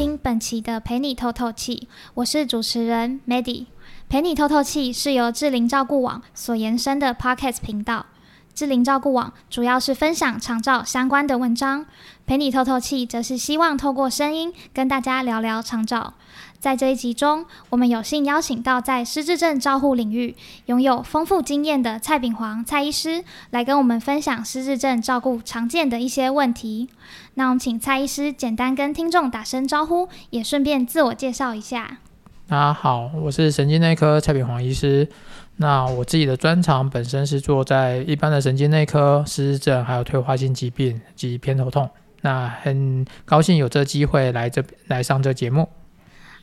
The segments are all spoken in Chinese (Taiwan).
聽本期的陪你透透氣，我是主持人 Maddy。陪你透透氣是由智齡照顧網所延伸的 Podcast 頻道。智齡照顧網主要是分享長照相關的文章，陪你透透氣則是希望透過聲音跟大家聊聊長照。在這一集中，我們有幸邀請到在失智症照顧領域擁有豐富經驗的蔡炳煌蔡醫師，來跟我們分享失智症照顧常見的一些問題。那我們請蔡醫師簡單跟聽眾打聲招呼，也順便自我介紹一下。家、啊、好，我是神經內科蔡炳煌醫師。那我自己的專長本身是做在一般的神經內科、失智症，還有退化性疾病及偏頭痛。那很高興有這機會來這來上這節目。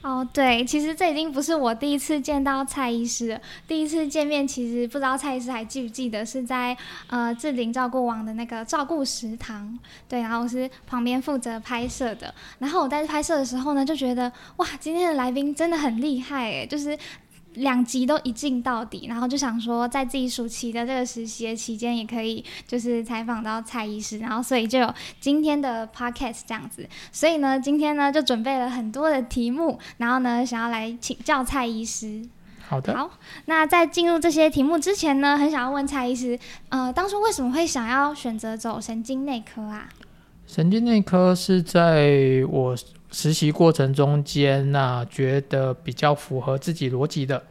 哦，oh, 對，其實這已經不是我第一次見到蔡醫師。第一次見面，其實不知道蔡醫師還記不記得是在呃智齡照顧網的那個照顧食堂。對，然後我是旁邊負責拍攝的。然後我在拍攝的時候呢，就覺得哇，今天的來賓真的很厲害誒，就是。兩集都一鏡到底，然後就想說，在自己暑期的這個實習的期間，也可以就是採訪到蔡醫師，然後所以就有今天的 podcast 這樣子。所以呢，今天呢就準備了很多的題目，然後呢想要來請教蔡醫師。好的。好，那在進入這些題目之前呢，很想要問蔡醫師，呃，當初為什麼會想要選擇走神經內科啊？神經內科是在我。實習過程中間，那覺得比較符合自己邏輯的。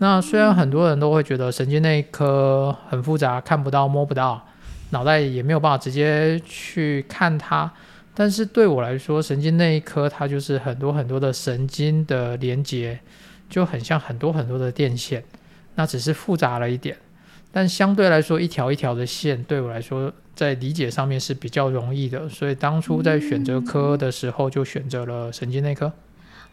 那雖然很多人都會覺得神經內科很複雜，看不到，摸不到，腦袋也沒有辦法直接去看它，但是對我來說，神經內科它就是很多很多的神經的連接，就很像很多很多的電線，那只是複雜了一點。但相對來說，一條一條的線對我來說，在理解上面是比較容易的，所以當初在選擇科的時候就選擇了神經內科。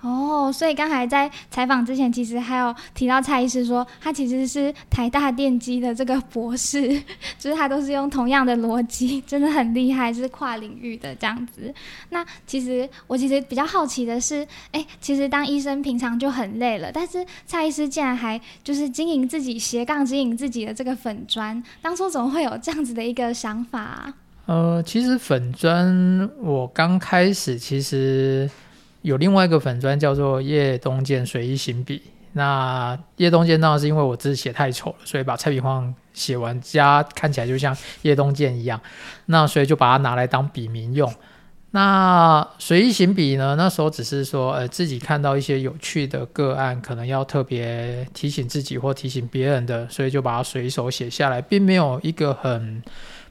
哦，所以剛才在採訪之前，其實還有提到蔡醫師說他其實是台大電機的這個博士，就是他都是用同樣的邏輯，真的很厲害，是跨領域的這樣子。那其實我其實比較好奇的是，哎、欸，其實當醫生平常就很累了，但是蔡醫師竟然還就是經營自己斜槓經營自己的這個粉專，當初怎麼會有這樣子的一個想法啊？呃，其實粉專我剛開始其實。有另外一個粉專，叫做葉東健隨意行筆。那葉東健當然是因為我自己寫太醜了，所以把蔡秉晃寫完加看起來就像葉東健一樣，那所以就把它拿來當筆名用。那隨意行筆呢，那時候只是說，呃，自己看到一些有趣的個案，可能要特別提醒自己或提醒別人的，所以就把它隨手寫下來，並沒有一個很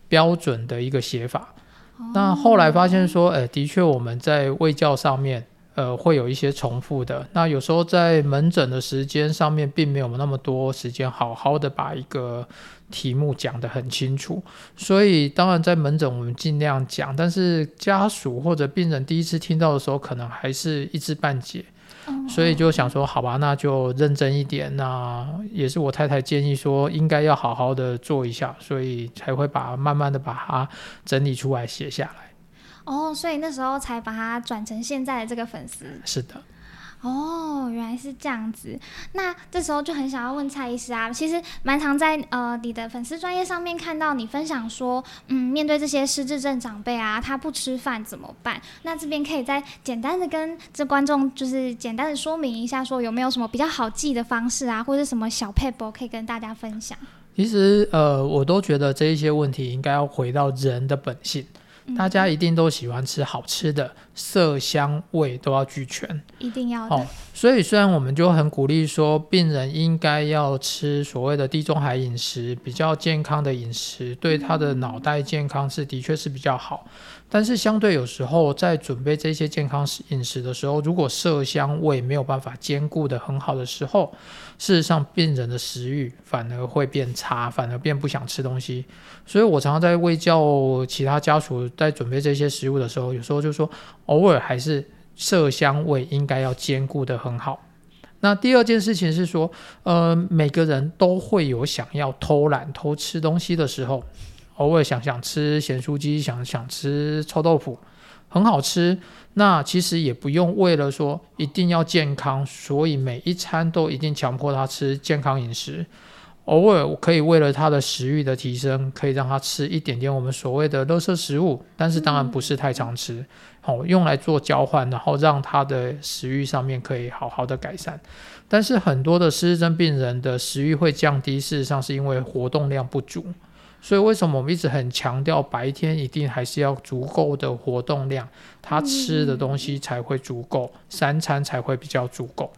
標準的一個寫法。哦、那後來發現說，呃，的確我們在衛教上面。呃，會有一些重複的。那有時候在門診的時間上面，並沒有那麼多時間，好好的把一個題目講得很清楚。所以，當然在門診我們盡量講，但是家屬或者病人第一次聽到的時候，可能還是一知半解。嗯嗯嗯。所以就想說，好吧，那就認真一點。那也是我太太建議說，應該要好好的做一下，所以才會把慢慢的把它整理出來寫下來。哦，所以那時候才把他轉成現在的這個粉絲。是的。哦，原來是這樣子。那這時候就很想要問蔡醫師啊，其實蠻常在呃你的粉絲專頁上面看到你分享說，嗯，面對這些失智症長輩啊，他不吃飯怎麼辦？那這邊可以再簡單的跟這觀眾就是簡單的說明一下，說有沒有什麼比較好記的方式啊，或者什麼小撇步可以跟大家分享？其實呃，我都覺得這一些問題應該要回到人的本性。大家一定都喜歡吃好吃的。嗯嗯色香味都要俱全，一定要哦。所以雖然我們就很鼓勵說，病人應該要吃所謂的地中海飲食，比較健康的飲食，對他的腦袋健康是的確是比較好。但是相對有時候在準備這些健康飲食的時候，如果色香味沒有辦法兼顧得很好的時候，事實上病人的食欲反而會變差，反而變不想吃東西。所以我常常在衛教其他家屬在準備這些食物的時候，有時候就說，偶爾還是色香味應該要兼顧得很好。那第二件事情是說，嗯、呃，每個人都會有想要偷懶偷吃東西的時候，偶爾想想吃鹹酥雞，想想吃臭豆腐，很好吃。那其實也不用為了說一定要健康，所以每一餐都一定強迫他吃健康飲食。偶爾我可以為了他的食欲的提升，可以讓他吃一點點我們所謂的垃圾食物，但是當然不是太常吃，好、嗯、用來做交換，然後讓他的食欲上面可以好好的改善。但是很多的失智症病人的食欲會降低，事實上是因為活動量不足。所以為什麼我們一直很強調白天一定還是要足夠的活動量，他吃的東西才會足夠，三餐才會比較足夠。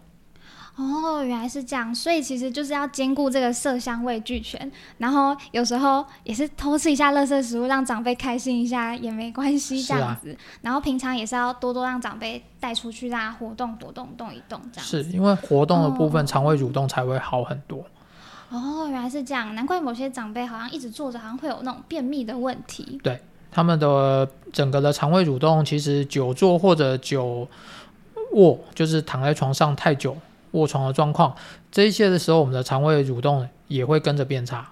哦，原來是這樣，所以其實就是要兼顧這個色香味俱全，然後有時候也是偷吃一下垃圾食物，讓長輩開心一下也沒關係，這樣子。啊、然後平常也是要多多讓長輩帶出去，啦，活動活動動一動，這樣子。是因為活動的部分，哦、腸胃蠕動才會好很多。哦，原來是這樣，難怪某些長輩好像一直坐着，好像會有那種便秘的問題。對，他們的整個的腸胃蠕動，其實久坐或者久臥、哦，就是躺在床上太久。臥床的狀況，這一些的時候，我們的腸胃蠕動也會跟着變差。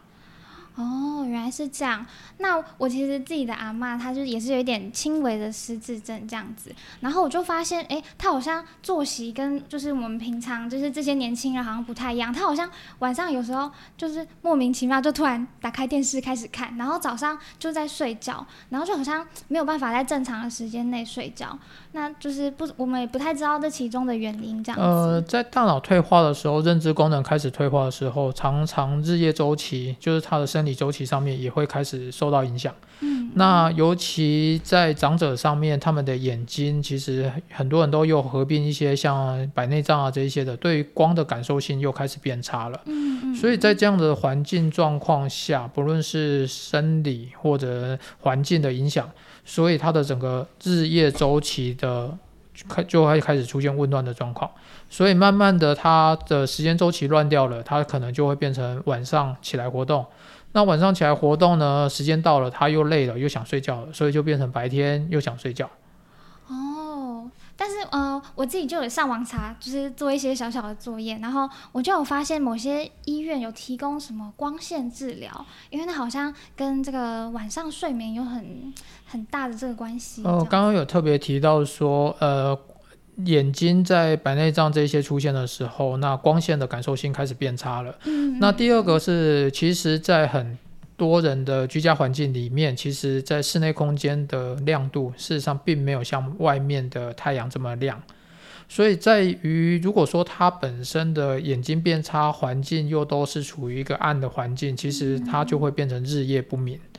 哦還是這樣，那我其實自己的阿嬤，她就是也是有一點輕微的失智症這樣子，然後我就發現，哎，她好像作息跟就是我們平常就是這些年輕人好像不太一樣，她好像晚上有時候就是莫名其妙就突然打開電視開始看，然後早上就在睡覺，然後就好像沒有辦法在正常的時間內睡覺，那就是不，我們也不太知道這其中的原因這樣子。呃，在大腦退化的時候，認知功能開始退化的時候，常常日夜周期就是她的生理周期上面。也會開始受到影響。嗯嗯。那尤其在長者上面，他們的眼睛其實很多人都有合併一些像白內障啊這一些的，對光的感受性又開始變差了。嗯嗯。所以在這樣的環境狀況下，不論是生理或者環境的影響，所以它的整個日夜周期的開就會開始出現紊亂的狀況。所以慢慢的，它的時間周期亂掉了，它可能就會變成晚上起來活動。那晚上起來活動呢？時間到了，他又累了，又想睡覺了，所以就變成白天又想睡覺。哦，但是呃，我自己就有上網查，就是做一些小小的作業，然後我就有發現某些醫院有提供什麼光線治療，因為那好像跟這個晚上睡眠有很很大的這個關係。哦，剛剛有特別提到說，呃。眼睛在白內障這些出現的時候，那光線的感受性開始變差了。嗯、那第二個是，其實，在很多人的居家環境裡面，其實在室內空間的亮度，事實上並沒有像外面的太陽這麼亮。所以，在於如果說它本身的眼睛變差，環境又都是處於一個暗的環境，其實它就會變成日夜不明。嗯、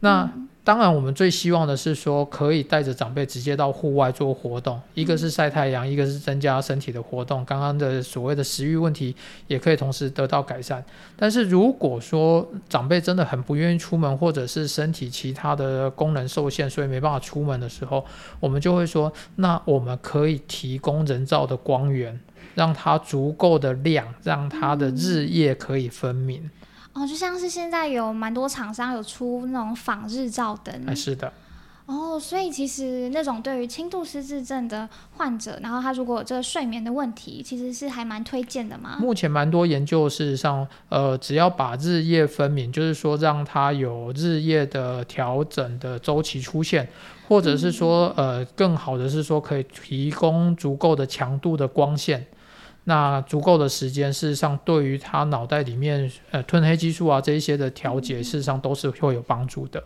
那當然，我們最希望的是說，可以帶着長輩直接到戶外做活動，嗯、一個是曬太陽，一個是增加身體的活動。剛剛的所謂的食欲問題，也可以同時得到改善。但是如果說長輩真的很不願意出門，或者是身體其他的功能受限，所以沒辦法出門的時候，我們就會說，那我們可以提供人造的光源，讓它足夠的亮，讓它的日夜可以分明。嗯哦，就像是現在有蠻多廠商有出那種仿日照燈，哎，是的。哦，所以其實那種對於輕度失智症的患者，然後他如果有這個睡眠的問題，其實是還蠻推薦的嘛。目前蠻多研究，事實上，呃，只要把日夜分明，就是說讓他有日夜的調整的周期出現，或者是說，嗯，呃，更好的是說可以提供足夠的強度的光線。那足夠的時間，事實上對於他腦袋裡面呃，褪黑激素啊這一些的調節，嗯、事實上都是會有幫助的。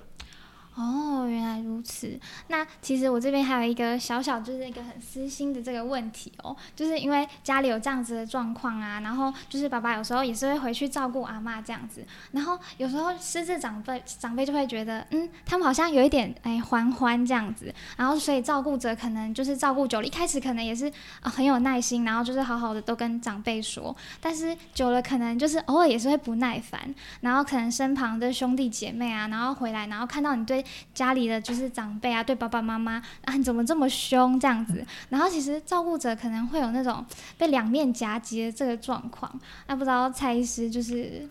哦，原來如此。是，那其實我這邊還有一個小小，就是一個很私心的這個問題哦，就是因為家裡有這樣子的狀況啊，然後就是爸爸有時候也是會回去照顧阿嬤這樣子，然後有時候私自長輩長輩就會覺得，嗯，他們好像有一點哎，還、欸、歡歡這樣子，然後所以照顧者可能就是照顧久了，一開始可能也是，呃，很有耐心，然後就是好好的都跟長輩說，但是久了可能就是偶爾也是會不耐煩，然後可能身旁的兄弟姐妹啊，然後回來然後看到你對家裡的就是長長輩啊，對爸爸媽媽啊，你怎麼這麼凶這樣子？然後其實照顧者可能會有那種被兩面夾擊的這個狀況。那、啊、不知道蔡醫師就是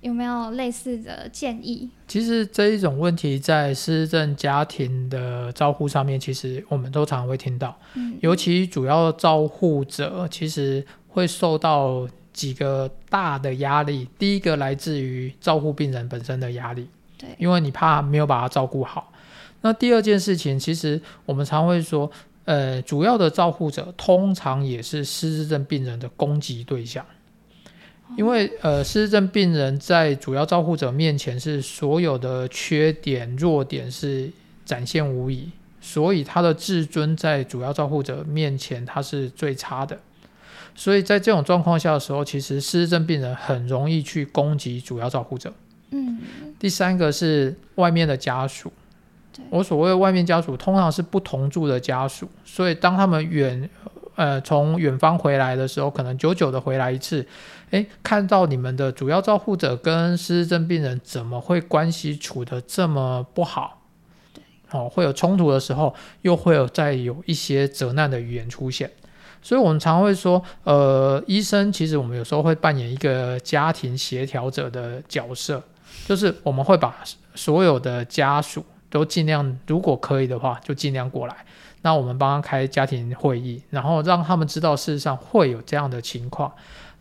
有沒有類似的建議？其實這一種問題在施政家庭的照呼上面，其實我們都常常會聽到。嗯，尤其主要的照護者其實會受到幾個大的壓力。第一個來自於照顧病人本身的壓力，對，因為你怕沒有把他照顧好。那第二件事情，其實我們常會說，呃，主要的照護者通常也是失智症病人的攻擊對象，因為呃，失智症病人在主要照護者面前是所有的缺點、弱點是展現無遺，所以他的自尊在主要照護者面前他是最差的，所以在這種狀況下的時候，其實失智症病人很容易去攻擊主要照護者。嗯，第三個是外面的家屬。我所謂的外面家屬通常是不同住的家屬，所以當他們遠，呃，從遠方回來的時候，可能久久的回來一次，誒、欸，看到你們的主要照護者跟失智症病人怎麼會關係處得這麼不好？哦，會有衝突的時候，又會有再有一些責難的語言出現，所以我們常會說，呃，醫生其實我們有時候會扮演一個家庭協調者的角色，就是我們會把所有的家屬。都盡量，如果可以的話，就盡量過來。那我們幫他開家庭會議，然後讓他們知道事實上會有這樣的情況，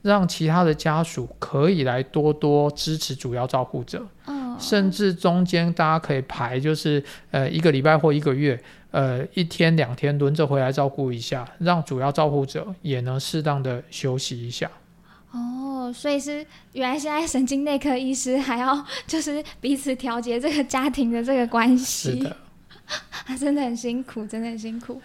讓其他的家屬可以來多多支持主要照顧者。哦。甚至中間大家可以排，就是呃一個禮拜或一個月，呃一天兩天輪着回來照顧一下，讓主要照顧者也能適當的休息一下。哦、所以是原來現在神經內科醫師還要就是彼此調節這個家庭的這個關係是的、啊，真的很辛苦，真的很辛苦。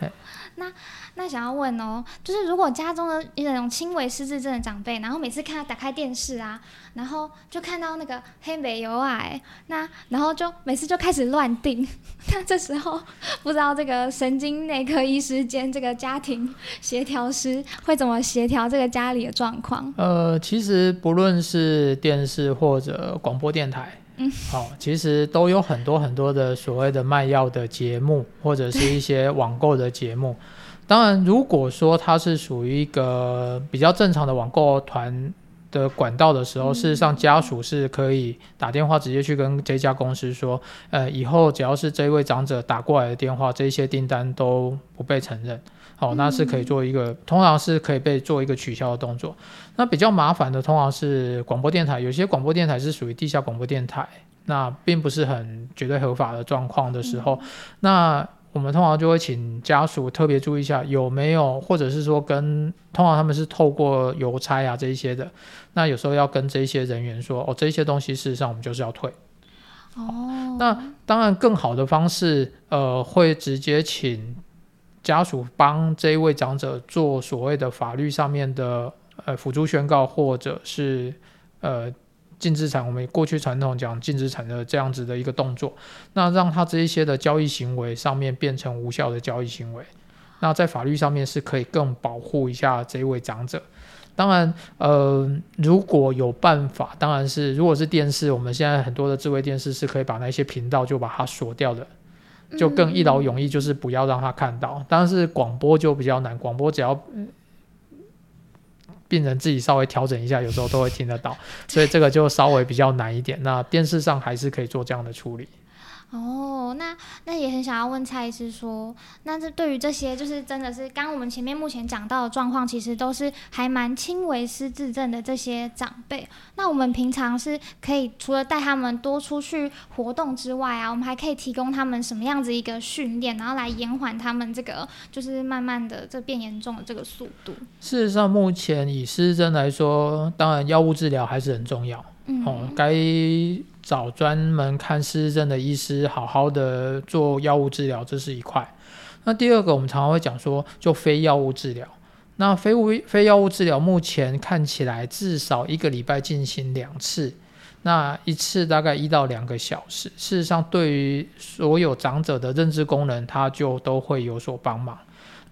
那那想要問哦，就是如果家中的一種輕微失智症的長輩，然後每次看他打開電視啊，然後就看到那個黑美有矮，那然後就每次就開始亂定那這時候不知道這個神經內科醫師兼這個家庭協調師會怎麼協調這個家裡的狀況？呃，其實不論是電視或者廣播電台。好、嗯哦，其實都有很多很多的所謂的賣藥的節目，或者是一些網購的節目。對當然，如果說它是屬於一個比較正常的網購團的管道的時候，嗯、事實上家屬是可以打電話直接去跟這家公司說，呃，以後只要是這位長者打過來的電話，這些訂單都不被承認。好、哦，那是可以做一個，嗯、通常是可以被做一個取消的動作。那比較麻煩的，通常是廣播電台，有些廣播電台是屬於地下廣播電台，那並不是很絕對合法的狀況的時候，嗯。那我們通常就會請家屬特別注意一下有沒有，或者是說跟通常他們是透過郵差啊這一些的，那有時候要跟這些人員說哦，這些東西事實上我們就是要退哦。那當然，更好的方式，呃，會直接請家屬幫這一位長者做所謂的法律上面的。呃，輔助宣告，或者是呃，禁治產，我們過去傳統講禁治產的這樣子的一個動作，那讓他這一些的交易行為上面變成無效的交易行為，那在法律上面是可以更保護一下這一位長者。當然，呃，如果有辦法，當然是如果是電視，我們現在很多的智慧電視是可以把那些頻道就把它鎖掉的，就更一勞永逸，就是不要讓他看到。嗯、但是廣播就比較難，廣播只要。嗯病人自己稍微調整一下，有時候都會聽得到，所以這個就稍微比較難一點。那電視上還是可以做這樣的處理。哦，那那也很想要問蔡醫師說，那這對於這些就是真的是剛我們前面目前講到的狀況，其實都是還蠻輕微失智症的這些長輩。那我們平常是可以除了帶他們多出去活動之外啊，我們還可以提供他們什麼樣子一個訓練，然後來延緩他們這個就是慢慢的這變嚴重的這個速度。事實上，目前以師智來說，當然藥物治療還是很重要。哦，該找專門看失智症的醫師，好好的做藥物治療，這是一塊。那第二個，我們常常會講說，就非藥物治療。那非物非藥物治療，目前看起來至少一個禮拜進行兩次，那一次大概一到兩個小時。事實上，對於所有長者的認知功能，他就都會有所幫忙。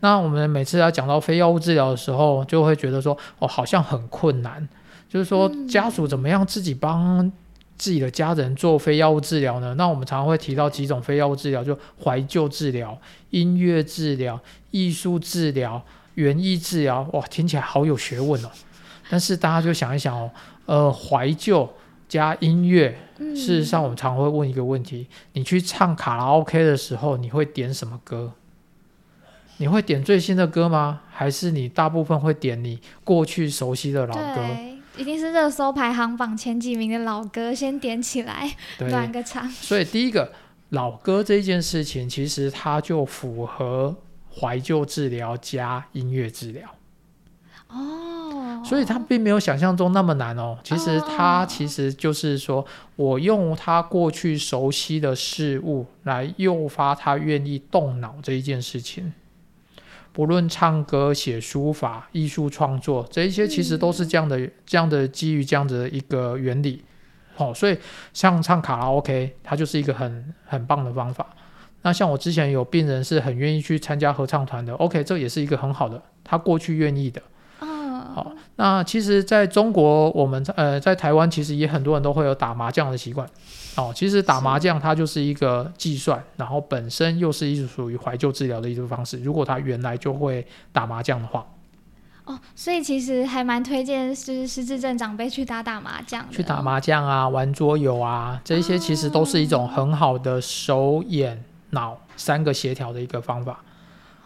那我們每次要講到非藥物治療的時候，就會覺得說，哦，好像很困難。就是說，家屬怎麼樣自己幫自己的家人做非藥物治療呢？那我們常常會提到幾種非藥物治療，就懷舊治療、音樂治療、藝術治療、園藝治療。哇，聽起來好有學問哦、喔！但是大家就想一想哦、喔，呃，懷舊加音樂，事實上我們常常會問一個問題：嗯。你去唱卡拉 OK 的時候，你會點什麼歌？你會點最新的歌嗎？還是你大部分會點你過去熟悉的老歌？一定是熱搜排行榜前幾名的老歌，先點起來對暖個場。所以第一個老歌這件事情，其實它就符合懷舊治療加音樂治療。哦，所以他並沒有想象中那麼難哦。其實他其實就是說，我用他過去熟悉的事物來誘發他願意動腦這一件事情。不論唱歌、寫書法、藝術創作，這一些其實都是這樣的、這樣的基於這樣子的一個原理，哦，所以像唱卡拉 OK，它就是一個很很棒的方法。那像我之前有病人是很願意去參加合唱團的，OK，這也是一個很好的，他過去願意的。哦，那其實在中國，我們呃在台灣，其實也很多人都會有打麻將的習慣。哦，其實打麻將它就是一個計算，是然後本身又是一種屬、屬於懷舊治療的一種方式。如果他原來就會打麻將的話，哦，所以其實還蠻推薦是失智症長輩去打打麻將，去打麻將啊，玩桌遊啊，這些其實都是一種很好的手、嗯、手眼腦三個協調的一個方法。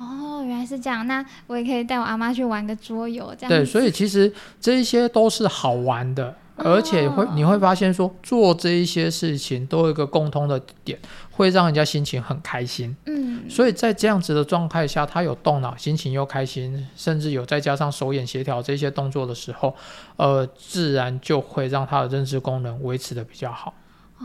哦，原來是這樣，那我也可以帶我阿媽去玩個桌遊，這樣子。對，所以其實這一些都是好玩的，哦、而且會你會發現說，做這一些事情都有一個共通的點，會讓人家心情很開心。嗯，所以在這樣子的狀態下，他有動腦，心情又開心，甚至有再加上手眼協調這些動作的時候，呃，自然就會讓他的認知功能維持的比較好。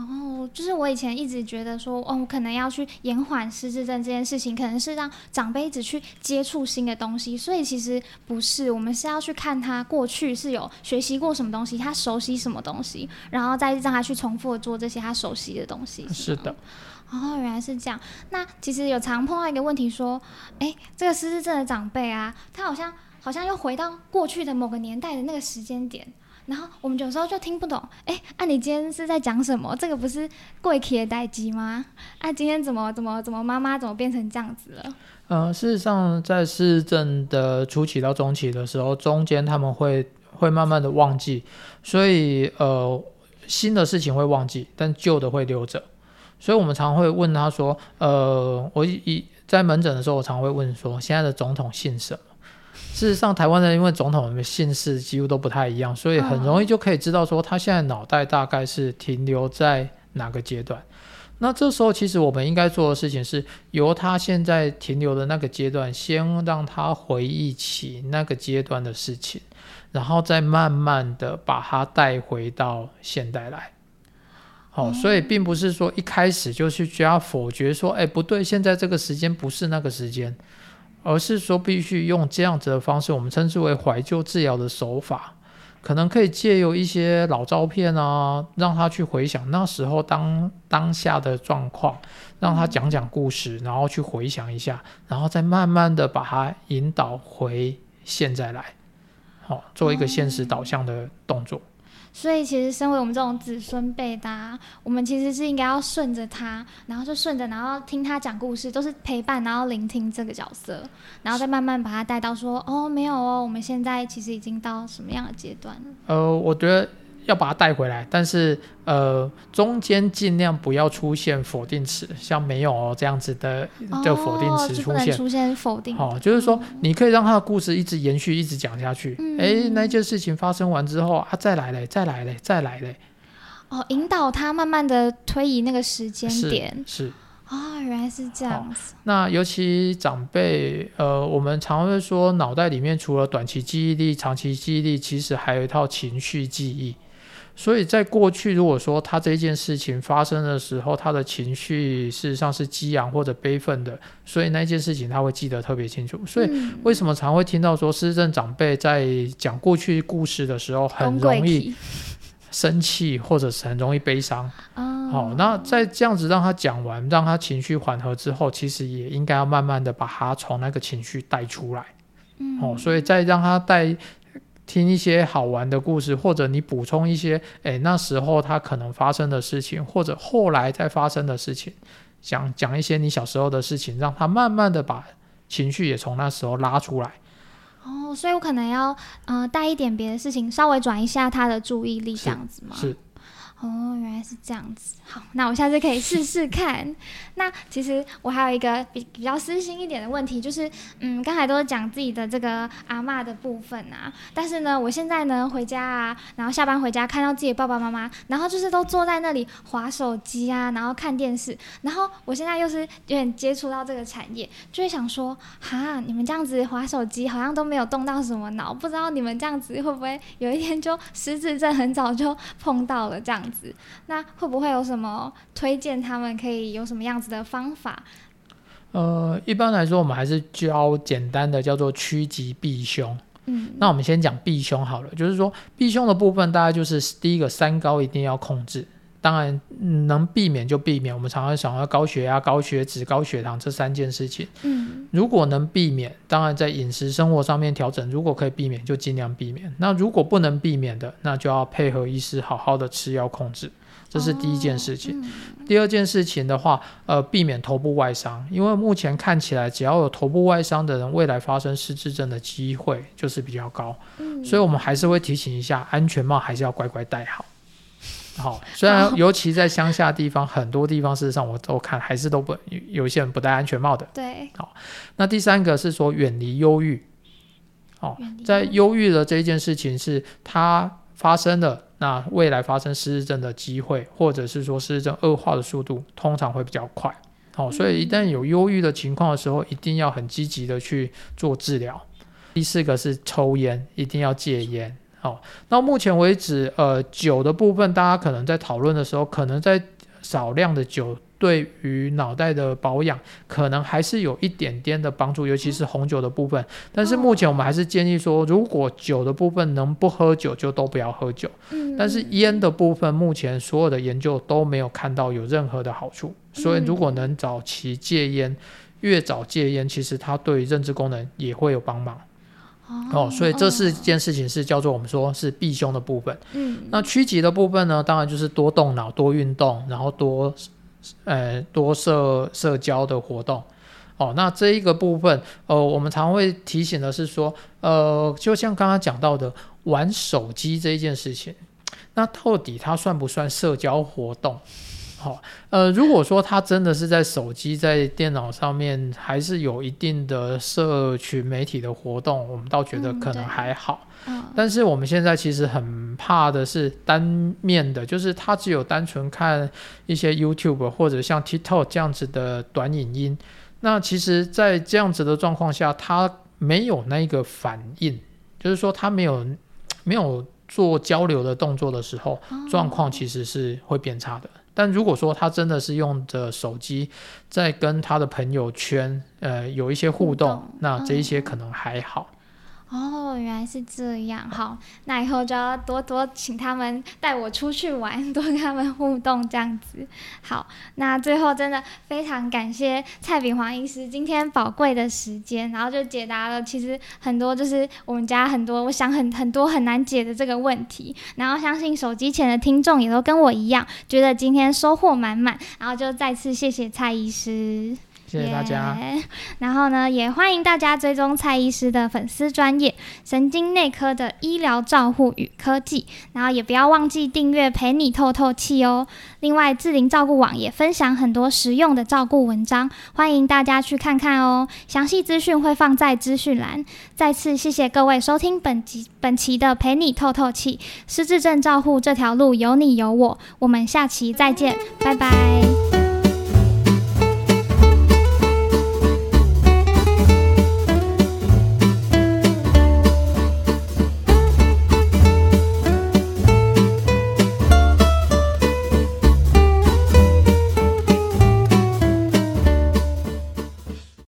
哦，就是我以前一直覺得說，哦，我可能要去延緩失智症這件事情，可能是讓長輩一直去接觸新的東西，所以其實不是，我們是要去看他過去是有學習過什麼東西，他熟悉什麼東西，然後再讓他去重複的做這些他熟悉的東西。是，是的，哦，原來是這樣。那其實有常碰到一個問題，說，哎、欸，這個失智症的長輩啊，他好像好像又回到過去的某個年代的那個時間點。然後我們有時候就聽不懂，哎，啊，你今天是在講什麼？這個不是跪企的代機嗎？啊，今天怎麼怎麼怎麼媽媽怎麼變成這樣子了？呃，事實上，在失智的初期到中期的時候，中間他們會會慢慢的忘記，所以呃，新的事情會忘記，但舊的會留着，所以我們常會問他說，呃，我一在門診的時候，我常會問說，現在的總統姓什麼？事實上，台灣人因為總統的姓氏幾乎都不太一樣，所以很容易就可以知道說他現在腦袋大概是停留在哪個階段。嗯、那這時候，其實我們應該做的事情是由他現在停留的那個階段，先讓他回憶起那個階段的事情，然後再慢慢的把他帶回到現代來。好、哦，嗯、所以並不是說一開始就去加否決說，誒，不對，現在這個時間不是那個時間。而是說，必須用這樣子的方式，我們稱之為懷舊治療的手法，可能可以借由一些老照片啊，讓他去回想那時候當當下的狀況，讓他講講故事，然後去回想一下，然後再慢慢的把他引導回現在來，好、哦，做一個現實導向的動作。所以，其實身為我們這種子孫輩的啊，我們其實是應該要順着他，然後就順着，然後聽他講故事，都是陪伴，然後聆聽這個角色，然後再慢慢把他帶到說哦，沒有哦，我們現在其實已經到什麼樣的階段了。呃，oh, 我覺得，要把它帶回來，但是呃，中間儘量不要出現否定詞，像沒有哦這樣子的的、哦、否定詞出現。出現否定。哦，嗯、就是說你可以讓他的故事一直延續，一直講下去。嗯。哎、欸，那件事情發生完之後他再來嘞，再來嘞，再來嘞。再來了哦，引導他慢慢的推移那個時間點。是。是。啊、哦，原來是這樣子。哦、那尤其長輩，呃，我們常常說腦袋裡面除了短期記憶力、長期記憶力，其實還有一套情緒記憶。所以在過去，如果說他這件事情發生的時候，他的情緒事實上是激昂或者悲憤的，所以那件事情他會記得特別清楚。所以為什麼常會聽到說，失智長輩在講過去故事的時候，很容易生氣或者是很容易悲傷啊？好，那在這樣子讓他講完，讓他情緒緩和之後，其實也應該要慢慢的把他從那個情緒帶出來。嗯，好，所以再讓他帶。聽一些好玩的故事，或者你補充一些，誒、欸，那時候他可能發生的事情，或者後來再發生的事情，講講一些你小時候的事情，讓他慢慢的把情緒也從那時候拉出來。哦，所以我可能要，呃，帶一點別的事情，稍微轉一下他的注意力，這樣子嗎？是。是哦，原來是這樣子。好，那我下次可以試試看。 那其實我還有一個比比較私心一點的問題，就是，嗯，剛才都是講自己的這個阿嬤的部分啊。但是呢，我現在呢回家啊，然後下班回家看到自己爸爸媽媽，然後就是都坐在那裡滑手機啊，然後看電視。然後我現在又是有點接觸到這個產業，就會想說，哈，你們這樣子滑手機好像都沒有動到什麼腦，不知道你們這樣子會不會有一天就失智症很早就碰到了這樣子。那會不會有什麼推薦？他們可以有什麼樣子的方法？呃，一般來說，我們還是教簡單的，叫做趨吉避凶。嗯，那我們先講避凶好了。就是說，避凶的部分，大概就是第一個三高一定要控制。當然能避免就避免。我們常常想要高血壓、高血脂、高血糖這三件事情。嗯，如果能避免，當然在飲食生活上面調整；如果可以避免，就盡量避免。那如果不能避免的，那就要配合醫師好好的吃藥控制。這是第一件事情。哦，嗯，第二件事情的話，呃，避免頭部外傷，因為目前看起來，只要有頭部外傷的人，未來發生失智症的機會就是比較高。嗯，所以我們還是會提醒一下，安全帽還是要乖乖戴好。好、哦，雖然尤其在鄉下地方，oh. 很多地方事實上我都看還是都不，有些人不戴安全帽的。對，好、哦，那第三個是說遠離憂鬱。好、哦，憂在憂鬱的這一件事情是它發生的，那未來發生失智症的機會，或者是說失智症惡化的速度，通常會比較快。好、哦，嗯、所以一旦有憂鬱的情況的時候，一定要很積極的去做治療。第四個是抽菸，一定要戒菸。到目前為止，呃，酒的部分，大家可能在討論的時候，可能在少量的酒對於腦袋的保養，可能還是有一點點的幫助，尤其是紅酒的部分。但是目前我們還是建議說，如果酒的部分能不喝酒，就都不要喝酒。嗯。但是菸的部分，目前所有的研究都沒有看到有任何的好處，所以如果能早期戒菸，越早戒菸，其實它對於認知功能也會有幫忙。哦，所以這四件事情是叫做我們說是避兇的部分。哦、嗯，那趨吉的部分呢，當然就是多動腦、多運動，然後多，誒、欸、多社社交的活動。哦，那這一個部分，呃，我們常，常會提醒的是說，呃，就像剛剛講到的玩手機這件事情，那到底它算不算社交活動？好、哦，呃，如果說他真的是在手機、嗯、在電腦上面還是有一定的社群媒體的活動，我們倒覺得可能還好。嗯哦、但是我們現在其實很怕的是單面的，就是他只有單純看一些 YouTube 或者像 TikTok 這樣子的短影音。那其實，在這樣子的狀況下，他沒有那個反應，就是說他沒有沒有做交流的動作的時候，狀況其實是會變差的。哦但如果說他真的是用着手機，在跟他的朋友圈，呃，有一些互動，互動，嗯，那這一些可能還好。哦，原來是這樣。好，那以後就要多多請他們帶我出去玩，多跟他們互動這樣子。好，那最後真的非常感謝蔡秉晃醫師今天寶貴的時間，然後就解答了其實很多就是我們家很多我想很很多很難解的這個問題。然後相信手機前的聽眾也都跟我一樣，覺得今天收穫滿滿。然後就再次謝謝蔡醫師。謝謝大家。Yeah, 然後呢，也歡迎大家追蹤蔡醫師的粉絲專頁，神經內科的醫療照護與科技。然後也不要忘記訂閱《陪你透透氣》哦。另外，智齡照顧網也分享很多實用的照顧文章，歡迎大家去看看哦。詳細資訊會放在資訊欄。再次謝謝各位收聽本集本期的《陪你透透氣》。失智症照顧這條路有你有我，我們下期再見，拜拜。